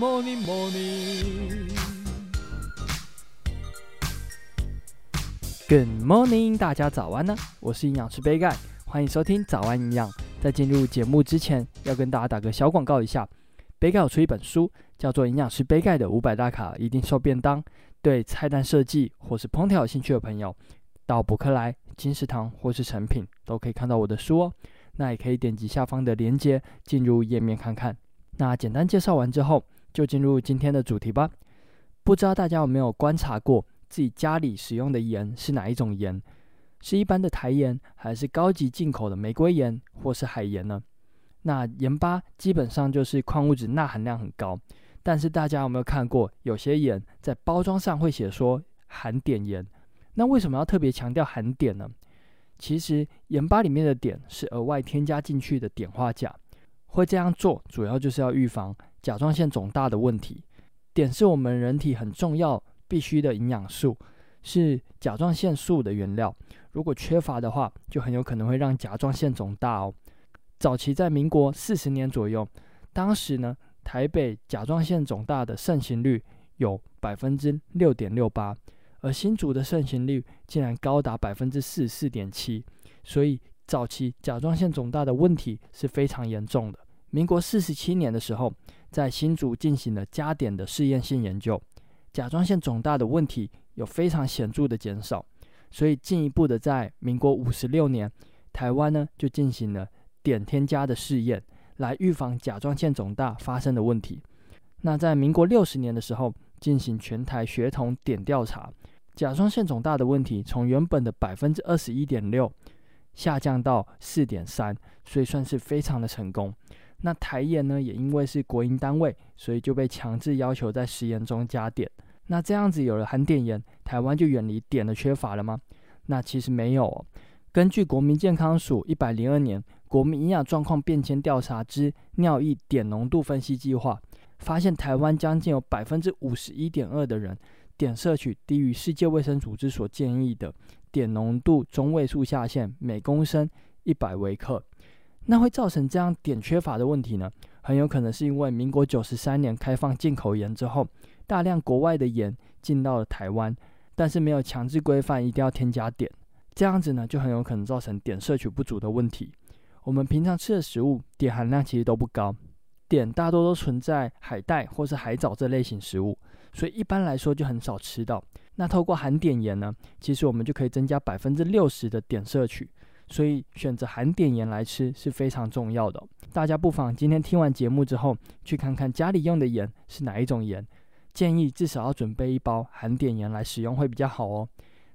Good morning, morning. Good morning，大家早安呢！我是營養師杯蓋，歡迎收聽早安營養。在進入節目之前，要跟大家打個小廣告一下。杯蓋有出一本書，叫做《營養師杯蓋的500大卡一定瘦便當》，對菜單設計或是烹調有興趣的朋友，到博客來、金石堂或是誠品都可以看到我的書哦。那也可以點擊下方的鏈接進入頁面看看。那簡單介紹完之後。就進入今天的主題吧。不知道大家有沒有觀察過，自己家裡使用的鹽是哪一種鹽？是一般的台鹽，還是高級進口的玫瑰鹽，或是海鹽呢？那鹽巴基本上就是礦物質鈉含量很高。但是大家有沒有看過，有些鹽在包裝上會寫說含碘鹽？那為什麼要特別強調含碘呢？其實鹽巴裡面的碘是額外添加進去的碘化鉀。會這樣做，主要就是要預防。甲狀腺腫大的問題，碘是我們人體很重要、必需的營養素，是甲狀腺素的原料。如果缺乏的話，就很有可能會讓甲狀腺腫大哦。早期在民國四十年左右，當時呢，台北甲狀腺腫大的盛行率有百分之六點六八，而新竹的盛行率竟然高達百分之四十四點七，所以早期甲狀腺腫大的問題是非常嚴重的。民國四十七年的時候，在新竹進行了加碘的試驗性研究，甲狀腺腫大的問題有非常顯著的減少，所以進一步的在民國五十六年，台灣呢就進行了碘添加的試驗，來預防甲狀腺腫大發生的問題。那在民國六十年的時候，進行全台學童碘調查，甲狀腺腫大的問題從原本的百分之二十一點六下降到四點三，所以算是非常的成功。那台鹽呢？也因為是國營單位，所以就被強制要求在食鹽中加碘。那這樣子有了含碘鹽，台灣就遠離碘的缺乏了嗎？那其實沒有哦。根據國民健康署一百零二年國民營養狀況變遷調查之尿液碘濃度分析計劃，發現台灣將近有百分之五十一點二的人，碘攝取低於世界衛生組織所建議的碘濃度中位數下限，每公升一百微克。那會造成這樣碘缺乏的問題呢？很有可能是因為民國九十三年開放進口鹽之後，大量國外的鹽進到了台灣，但是沒有強制規範一定要添加碘，這樣子呢，就很有可能造成碘攝取不足的問題。我們平常吃的食物碘含量其實都不高，碘大多都存在海帶或是海藻這類型食物，所以一般來說就很少吃到。那透過含碘鹽呢，其實我們就可以增加百分之六十的碘攝取。所以選擇含碘鹽來吃是非常重要的。大家不妨今天聽完節目之後，去看看家裡用的鹽是哪一種鹽。建議至少要準備一包含碘鹽來使用會比較好哦。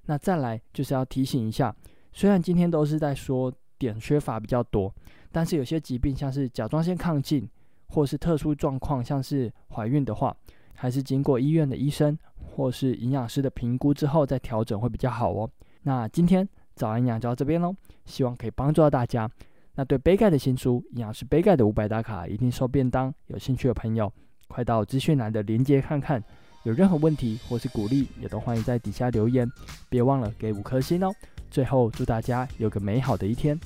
那再來就是要提醒一下，雖然今天都是在說碘缺乏比較多，但是有些疾病像是甲狀腺亢進，或是特殊狀況像是懷孕的話，還是經過醫院的醫生或是營養師的評估之後再調整會比較好哦。那今天。早安，營養就到這邊嘍，希望可以幫助到大家。那對杯蓋的新書《營養師杯蓋的五百大卡》，一定瘦便當。有興趣的朋友，快到資訊欄的鏈接看看。有任何問題或是鼓勵，也都歡迎在底下留言。別忘了給五顆星哦。最後，祝大家有個美好的一天。